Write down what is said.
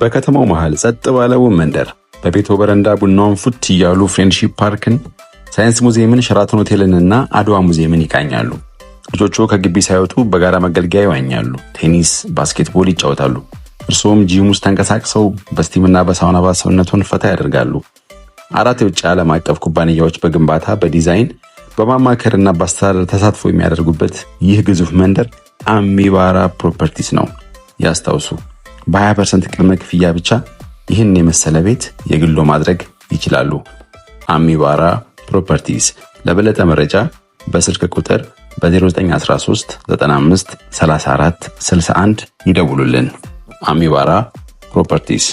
በከተማው መሃል ጸጥ ባለው መንደር በቤቶ በረንዳ ቡናውን ፉት እያሉ ፍሬንድሺፕ ፓርክን፣ ሳይንስ ሙዚየምን፣ ሸራተን ሆቴልንና አድዋ ሙዚየምን ይቃኛሉ። ልጆቹ ከግቢ ሳይወጡ በጋራ መገልገያ ይዋኛሉ፣ ቴኒስ፣ ባስኬትቦል ይጫወታሉ። እርስዎም ጂም ውስጥ ተንቀሳቅሰው በስቲምና በሳውና ባሰውነቱን ፈታ ያደርጋሉ። አራት የውጭ ዓለም አቀፍ ኩባንያዎች በግንባታ በዲዛይን በማማከርና በአስተዳደር ተሳትፎ የሚያደርጉበት ይህ ግዙፍ መንደር አሚባራ ፕሮፐርቲስ ነው። ያስታውሱ። በ20 ፐርሰንት ቅድመ ክፍያ ብቻ ይህን የመሰለ ቤት የግሎ ማድረግ ይችላሉ። አሚባራ ፕሮፐርቲስ። ለበለጠ መረጃ በስልክ ቁጥር በ0913 95 34 61 ይደውሉልን። አሚባራ ፕሮፐርቲስ